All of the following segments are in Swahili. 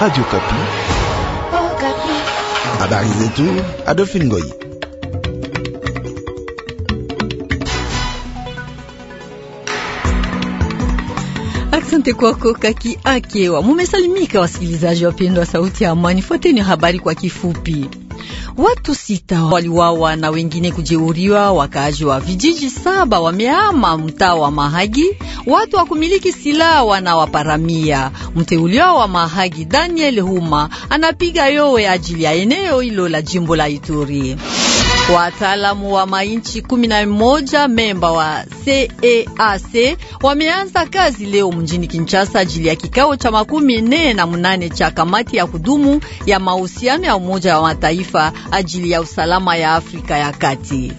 Radio Kapi. Oh, Kapi. Habari zetu Adolphine Ngoyi. Asante kwako Kaki Akewa. Mumesalimika wasikilizaji wapendwa, sauti ya amani. Fuateni habari kwa kifupi. Watu sita waliwawa na wengine kujeuriwa. Wakaaji wa vijiji saba wameama mtaa wa Mahagi. Watu wa kumiliki silaha wanawaparamia. Mteuliwa wa Mahagi Daniel Huma anapiga yowe ajili ya eneo hilo la jimbo la Ituri. Wataalamu wa mainchi 11 memba wa CEAC wameanza kazi leo mjini Kinshasa ajili ya kikao cha makumi nne na mnane cha kamati ya kudumu ya mahusiano ya Umoja wa Mataifa ajili ya usalama ya Afrika ya Kati.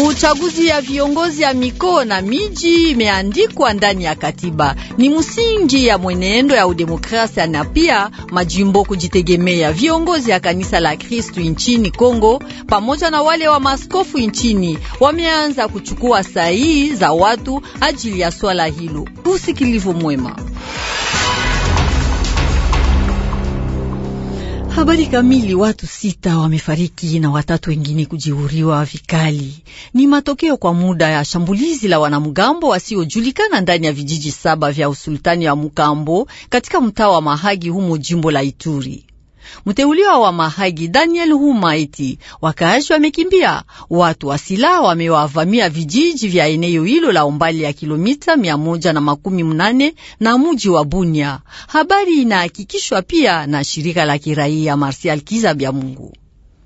Uchaguzi ya viongozi ya mikoa na miji imeandikwa ndani ya katiba, ni msingi ya mwenendo ya udemokrasia na pia majimbo kujitegemea. Viongozi ya kanisa la Kristu nchini Kongo pamoja na wale wa maskofu nchini wameanza kuchukua sahihi za watu ajili ya swala hilo. Usikilivu mwema. Habari kamili. Watu sita wamefariki na watatu wengine kujeruhiwa vikali. Ni matokeo kwa muda ya shambulizi la wanamgambo wasiojulikana ndani ya vijiji saba vya usultani wa Mukambo katika mtaa wa Mahagi humo jimbo la Ituri. Mteuliwa wa Mahagi Daniel Humaiti, wakaaji wamekimbia, watu wa silaha wamewavamia vijiji vya eneo hilo la umbali ya kilomita mia moja na makumi mnane na muji wa Bunia. Habari inahakikishwa pia na shirika la kiraia Marsial Kizabya Mungu.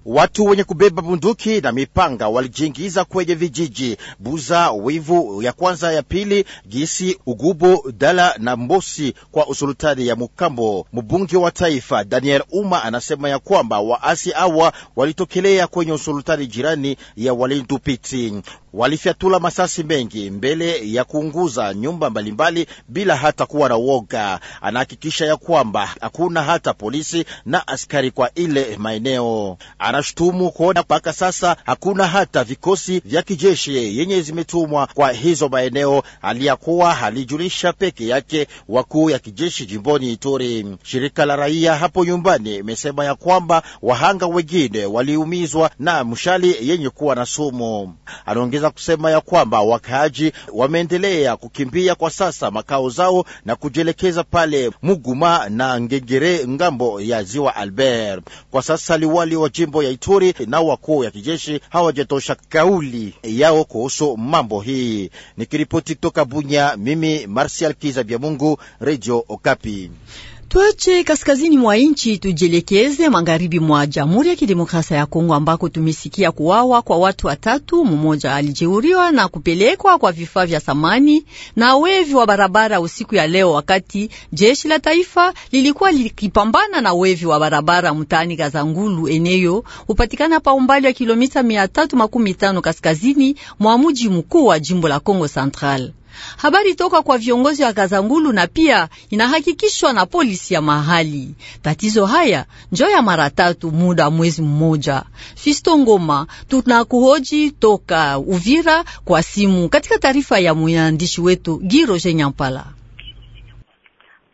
Watu wenye kubeba bunduki na mipanga walijiingiza kwenye vijiji Buza, Wivu ya kwanza, ya pili, Gisi, Ugubo, Dala na Mbosi kwa usultani ya Mukambo. Mbunge wa taifa Daniel Uma anasema ya kwamba waasi awa walitokelea kwenye usultani jirani ya Walindupiti walifyatula masasi mengi mbele ya kuunguza nyumba mbalimbali bila hata kuwa na woga. Anahakikisha ya kwamba hakuna hata polisi na askari kwa ile maeneo. Anashutumu kuona mpaka sasa hakuna hata vikosi vya kijeshi yenye zimetumwa kwa hizo maeneo, aliyakuwa halijulisha peke yake wakuu ya kijeshi jimboni Ituri. Shirika la raia hapo nyumbani imesema ya kwamba wahanga wengine waliumizwa na mshali yenye kuwa na sumu. Anaongeza anaongeza kusema ya kwamba wakaaji wameendelea kukimbia kwa sasa makao zao na kujielekeza pale Muguma na Ngegere ngambo ya ziwa Albert. Kwa sasa liwali wa jimbo ya Ituri na wakuu ya kijeshi hawajatosha kauli yao kuhusu mambo hii. Nikiripoti kutoka Bunya, mimi Marsial Kiza Bya Mungu, Radio Okapi. Tuache kaskazini mwa nchi tujielekeze magharibi mwa Jamhuri ya Kidemokrasia ya Kongo ambako tumesikia kuwawa kwa watu watatu, mmoja alijeuriwa na kupelekwa kwa vifaa vya samani na wevi wa barabara usiku ya leo, wakati jeshi la taifa lilikuwa likipambana na wevi wa barabara mtaani Kazangulu, eneo hupatikana pa umbali wa kilomita 315 kaskazini mwa mji mkuu wa jimbo la Kongo Central. Habari toka kwa viongozi wa Kazangulu na pia inahakikishwa na polisi ya mahali. Tatizo haya njo ya mara tatu muda mwezi mmoja. Fisto Ngoma, tunakuhoji toka Uvira kwa simu, katika taarifa ya mwandishi wetu Giroje Nyampala.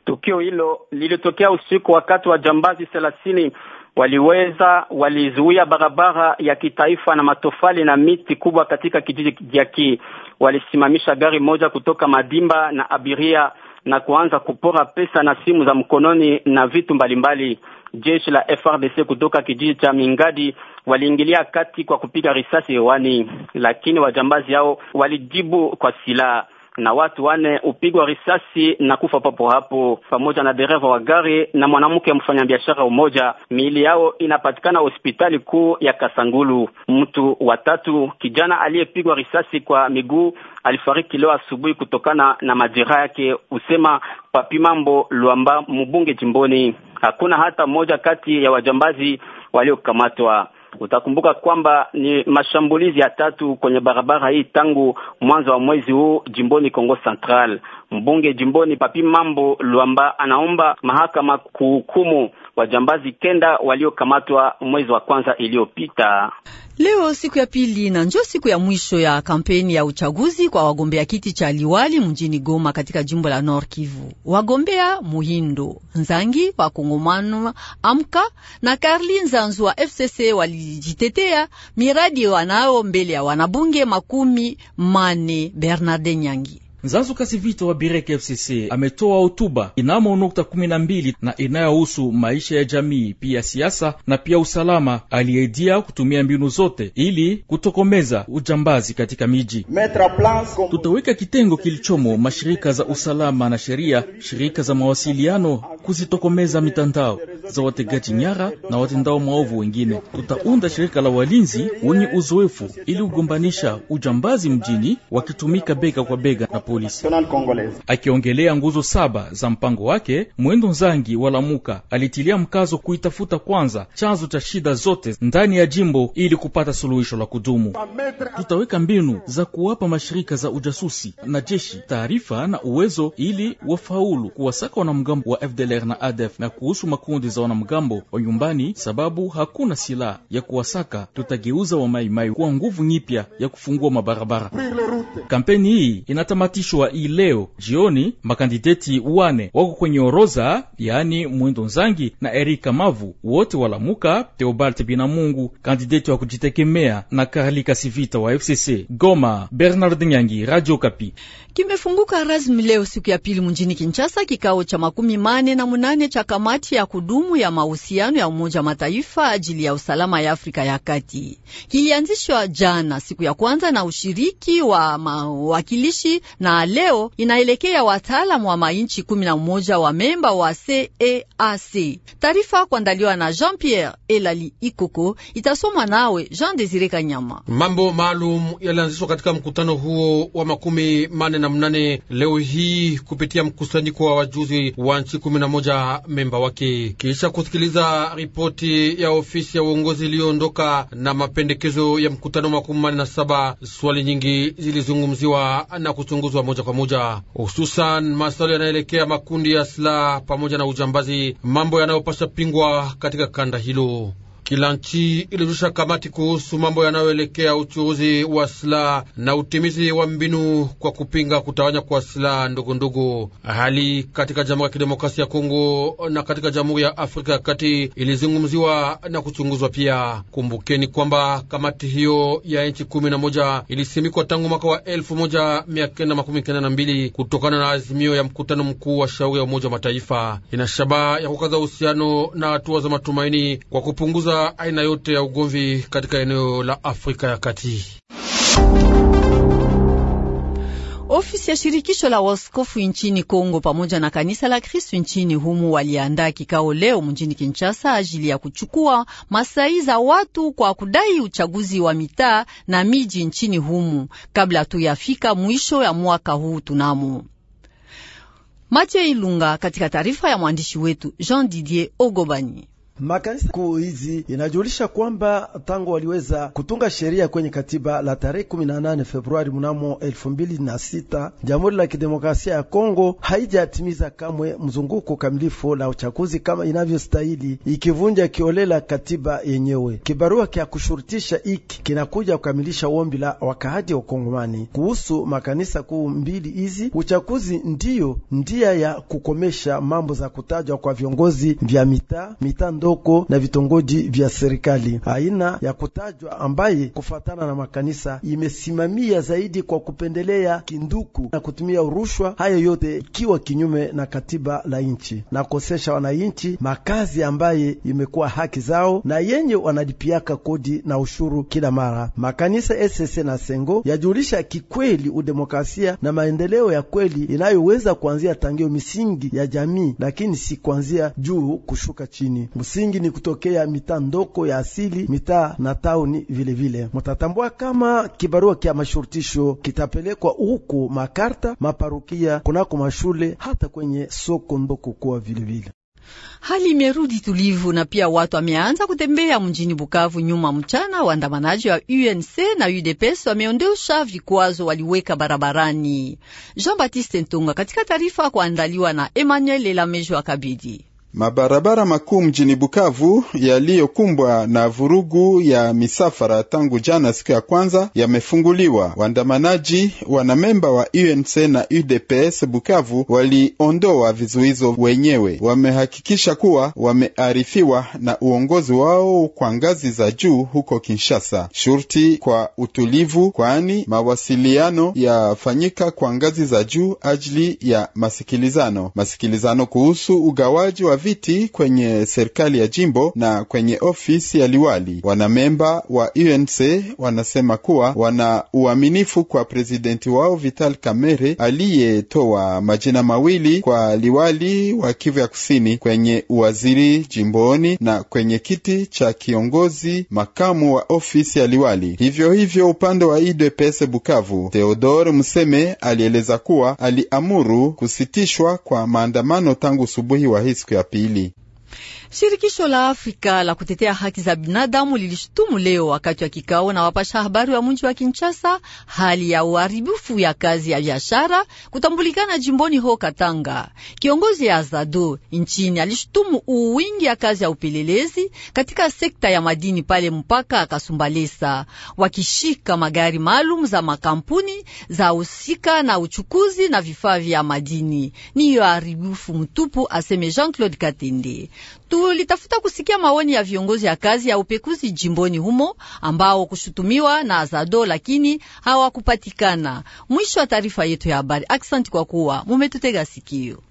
Tukio hilo lilitokea usiku wakati wa jambazi thelathini waliweza walizuia barabara ya kitaifa na matofali na miti kubwa katika kijiji ya kii walisimamisha gari moja kutoka Madimba na abiria na kuanza kupora pesa na simu za mkononi na vitu mbalimbali. Jeshi la FRDC kutoka kijiji cha Mingadi waliingilia kati kwa kupiga risasi hewani, lakini wajambazi hao walijibu kwa silaha na watu wane upigwa risasi na kufa papo hapo, pamoja na dereva wa gari na mwanamke mfanyabiashara umoja. Miili yao inapatikana hospitali kuu ya Kasangulu. Mtu watatu, kijana aliyepigwa risasi kwa miguu alifariki leo asubuhi kutokana na majeraha yake, usema Papi Mambo Luamba, mbunge jimboni. Hakuna hata mmoja kati ya wajambazi waliokamatwa. Utakumbuka kwamba ni mashambulizi ya tatu kwenye barabara hii tangu mwanzo wa mwezi huu jimboni Kongo Central. Mbunge jimboni Papi Mambo Luamba anaomba mahakama kuhukumu wajambazi kenda waliokamatwa mwezi wa kwanza iliyopita. Leo siku ya pili na njo siku ya mwisho ya kampeni ya uchaguzi kwa wagombea kiti cha liwali mjini Goma katika jimbo la Nord Kivu. Wagombea Muhindo Nzangi wa Kongomano Amka na Karli Nzanzu wa FCC walijitetea miradi wanao mbele ya wanabunge makumi mane. Bernarde Nyangi Nzanzu Kasivito wa Bireke FCC ametoa hotuba inamo nukta kumi na mbili na inayohusu maisha ya jamii pia siasa na pia usalama. aliaidia kutumia mbinu zote ili kutokomeza ujambazi katika miji. Tutaweka kitengo kilichomo mashirika za usalama na sheria, shirika za mawasiliano kuzitokomeza mitandao za wategaji nyara na watendao maovu wengine. Tutaunda shirika la walinzi wenye uzoefu ili kugombanisha ujambazi mjini, wakitumika bega kwa bega na polisi. Akiongelea nguzo saba za mpango wake, Mwendo Nzangi wa Lamuka alitilia mkazo kuitafuta kwanza chanzo cha shida zote ndani ya jimbo ili kupata suluhisho la kudumu. Tutaweka mbinu za kuwapa mashirika za ujasusi na jeshi taarifa na uwezo ili wafaulu kuwasaka wanamgambo wa FDLR na ADF na kuhusu makundi za wanamgambo wa nyumbani, sababu hakuna silaha ya kuwasaka. Tutageuza wa maimai kuwa nguvu nyipya ya kufungua mabarabara. Kampeni hii inatamatisha itahakikishwa ileo jioni. Makandideti wane wako kwenye oroza, yaani Mwendo Nzangi na Erika Mavu, wote walamuka Theobald Binamungu, kandideti wa kujitekemea na Karli Kasivita wa FCC. Goma, Bernard Nyangi, Radio Kapi. Kimefunguka rasmi leo siku ya pili mjini Kinshasa kikao cha makumi mane na munane cha kamati ya kudumu ya mahusiano ya Umoja wa Mataifa ajili ya usalama ya Afrika ya Kati. Kilianzishwa jana siku ya kwanza na ushiriki wa mawakilishi na na leo inaelekea wataalamu wa mainchi kumi na mmoja wa memba wa CEAC. Taarifa kuandaliwa na Jean Pierre Elali Ikoko, itasomwa nawe Jean Desire Kanyama. Mambo maalum yalianzishwa katika mkutano huo wa makumi mane na mnane leo hii kupitia mkusanyiko wa wajuzi wa nchi kumi na moja memba wake, kisha kusikiliza ripoti ya ofisi ya uongozi iliyoondoka na mapendekezo ya mkutano makumi mane na saba. Swali nyingi zilizungumziwa na kuchunguzwa hatua moja kwa moja, hususan maswali yanaelekea makundi ya silaha pamoja na ujambazi, mambo yanayopasha pingwa katika kanda hilo. Kila nchi ilizusha kamati kuhusu mambo yanayoelekea uchuuzi wa silaha na utimizi wa mbinu kwa kupinga kutawanya kwa silaha ndogondogo. Hali katika Jamhuri ya Kidemokrasia ya Kongo na katika Jamhuri ya Afrika ya Kati ilizungumziwa na kuchunguzwa pia. Kumbukeni kwamba kamati hiyo ya nchi kumi na moja ilisimikwa tangu mwaka wa elfu moja mia kenda makumi kenda na mbili kutokana na azimio ya mkutano mkuu wa shauri ya Umoja wa Mataifa. Ina shabaha ya kukaza uhusiano na hatua za matumaini kwa kupunguza kupunguza aina yote ya ugomvi katika eneo la Afrika ya Kati. Ofisi ya shirikisho la waskofu nchini Kongo pamoja na kanisa la Kristo nchini humo waliandaa kikao leo mjini Kinshasa ajili ya kuchukua masai za watu kwa kudai uchaguzi wa mitaa na miji nchini humo kabla tu yafika mwisho ya mwaka huu tunamo Mathieu Ilunga katika taarifa ya mwandishi wetu Jean Didier Ogobani. Makanisa kuu hizi inajulisha kwamba tangu waliweza kutunga sheria kwenye katiba la tarehe 18 Februari mnamo 2006, Jamhuri la Kidemokrasia ya Kongo haijatimiza kamwe mzunguko kamilifu la uchaguzi kama inavyostahili, ikivunja kiolela katiba yenyewe. Kibarua kya kushurutisha iki kinakuja kukamilisha ombi la wakaaji wa Kongomani kuhusu makanisa kuu mbili hizi. Uchaguzi ndiyo ndia ya kukomesha mambo za kutajwa kwa viongozi vya mitaa mitaa ndogo na vitongoji vya serikali. Aina ya kutajwa ambaye kufatana na makanisa imesimamia zaidi kwa kupendelea kinduku na kutumia rushwa, hayo yote ikiwa kinyume na katiba la nchi na kosesha wananchi makazi ambaye imekuwa haki zao na yenye wanalipiaka kodi na ushuru kila mara. Makanisa esese na sengo yajulisha kikweli udemokrasia na maendeleo ya kweli inayoweza kuanzia tangio misingi ya jamii, lakini si kuanzia juu kushuka chini msingi ni kutokea mitaa ndoko ya asili, mitaa na tauni vilevile. mutatambua kama kibarua kya mashurutisho kitapelekwa huku makarta, maparukia, kunako mashule, hata kwenye soko ndoko kuwa vilevile. Hali imerudi tulivu na pia watu wameanza kutembea mjini Bukavu nyuma mchana. Waandamanaji wa UNC na UDPS wameondosha vikwazo waliweka barabarani. Jean Baptiste Ntonga katika taarifa kuandaliwa na Emmanuel Elamejo Akabidi. Mabarabara makuu mjini Bukavu yaliyokumbwa na vurugu ya misafara tangu jana siku ya kwanza yamefunguliwa. Waandamanaji wanamemba wa UNC na UDPS Bukavu waliondoa vizuizo wenyewe. Wamehakikisha kuwa wamearifiwa na uongozi wao kwa ngazi za juu huko Kinshasa, shurti kwa utulivu, kwani mawasiliano yafanyika kwa ngazi za juu ajili ya masikilizano masikilizano kuhusu ugawaji wa viti kwenye serikali ya jimbo na kwenye ofisi ya liwali. Wanamemba wa UNC wanasema kuwa wana uaminifu kwa prezidenti wao Vital Kamerhe aliyetoa majina mawili kwa liwali wa Kivu ya Kusini kwenye uwaziri jimboni na kwenye kiti cha kiongozi makamu wa ofisi ya liwali. Hivyo hivyo upande wa UDPS Bukavu, Theodore Museme alieleza kuwa aliamuru kusitishwa kwa maandamano tangu subuhi wa hii siku ya pili Shirikisho la Afrika la kutetea haki za binadamu lilishutumu leo wakati wa kikao na wapasha habari wa mji wa Kinshasa hali ya uharibifu ya kazi ya biashara kutambulikana jimboni ho Katanga. Kiongozi ya Azado nchini alishutumu uwingi ya kazi ya upelelezi katika sekta ya madini pale mpaka Kasumbalesa, wakishika magari maalum za makampuni za husika na uchukuzi na vifaa vya madini. Ni uharibifu mtupu, aseme Jean-Claude Katende tu tulitafuta kusikia maoni ya viongozi ya kazi ya upekuzi jimboni humo ambao kushutumiwa na Azado lakini hawakupatikana. Mwisho wa taarifa yetu ya habari. Aksanti kwa kuwa mumetutega sikio.